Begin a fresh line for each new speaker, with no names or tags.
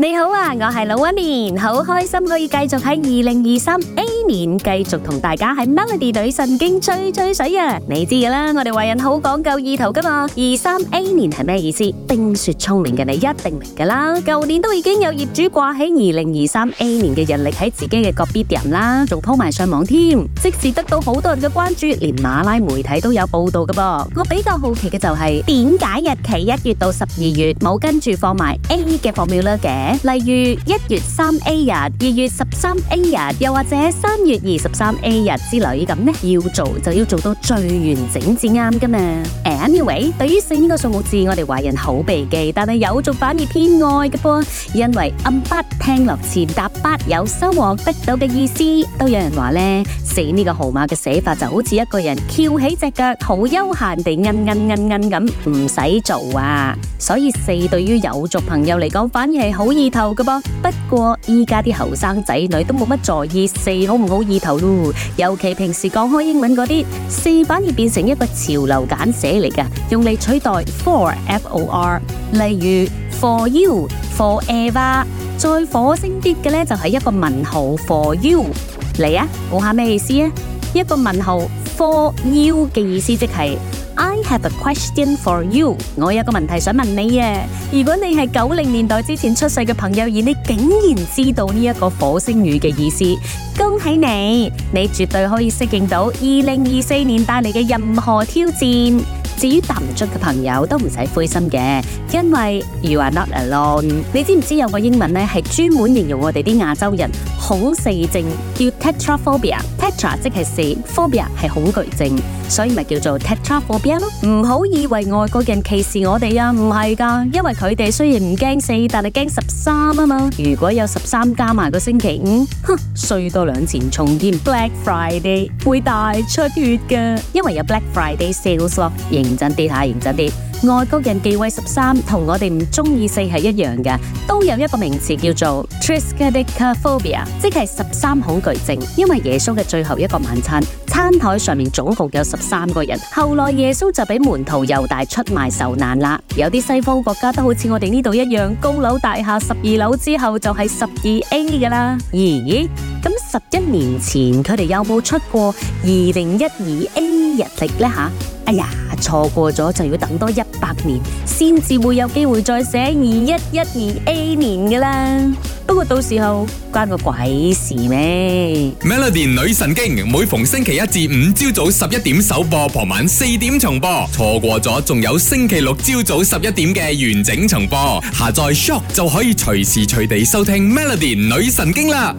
你好啊，我係龍紋敏，好開心可以繼續喺二零二三 A 年繼續同大家喺 Melody 女神經吹吹水啊！你知噶啦，我哋華人好講究意頭噶嘛。二三 A 年係咩意思？冰雪聰明嘅你一定明噶啦。舊年都已經有業主掛起二零二三 A 年嘅人力喺自己嘅個別人啦，仲鋪埋上網添，即時得到好多人嘅關注，連馬拉媒體都有報道嘅噃。我比較好奇嘅就係點解日期一月到十二月冇跟住放埋 A 嘅 formula 嘅？例如一月三 A 日、二月十三 A 日，又或者三月二十三 A 日之類咁呢，要做就要做到最完整至啱㗎嘛。Anyway，對於四呢個數目字，我哋華人好避忌，但係有族反而偏愛嘅噃，因為暗八聽落前搭八有收穫得到嘅意思。都有人話呢，四呢個號碼嘅寫法就好似一個人翹起隻腳，好悠閒地噏噏噏噏咁，唔使做啊。所以四對於有族朋友嚟講，反而係好。意頭嘅噃，不過依家啲後生仔女都冇乜在意四好唔好意頭咯，尤其平時講開英文嗰啲，四反而變成一個潮流簡寫嚟㗎，用嚟取代 four f o r，例如 for you，forever，再火星啲嘅呢，就係、是、一個問號 for you，嚟啊，講下咩意思啊？一個問號 for you 嘅意思即、就、係、是。I have a question for you。我有個問題想問你耶。如果你係九零年代之前出世嘅朋友，而你竟然知道呢一個火星語嘅意思，恭喜你！你絕對可以適應到二零二四年帶嚟嘅任何挑戰。至於答唔出嘅朋友都唔使灰心嘅，因為 you arenot alone，你知唔知有個英文呢，係專門形容我哋啲亞洲人恐四症，叫 tetra phobia。tetra 即係四，phobia 係恐懼症，所以咪叫做 tetra phobia 咯。唔好以為外國人歧視我哋啊，唔係噶，因為佢哋雖然唔驚四，但係驚十三啊嘛。如果有十三加埋個星期五，哼，衰多兩錢重添。Black Friday 會大出血噶，因為有 Black Friday sales 咯，迎。認真啲吓、啊，認真啲。外國人忌位十三，同我哋唔中意四係一樣嘅，都有一個名詞叫做 t r i s k a d e k a p h o b i a 即係十三恐懼症。因為耶穌嘅最後一個晚餐，餐台上面總共有十三個人，後來耶穌就俾門徒又帶出埋受難啦。有啲西方國家都好似我哋呢度一樣，高樓大廈十二樓之後就係十二 A 噶啦。咦？咁十一年前佢哋有冇出過二零一二 A 日曆呢？吓，哎呀！錯過咗就要等多一百年，先至會有機會再寫二一一二 A 年噶啦。不過到時候關個鬼事咩？Melody 女神經每逢星期一至五朝早十一點首播，傍晚四點重播。錯過咗仲有星期六朝早十一點嘅完整重播。下載 Shop 就可以隨時隨地收聽 Melody 女神經啦。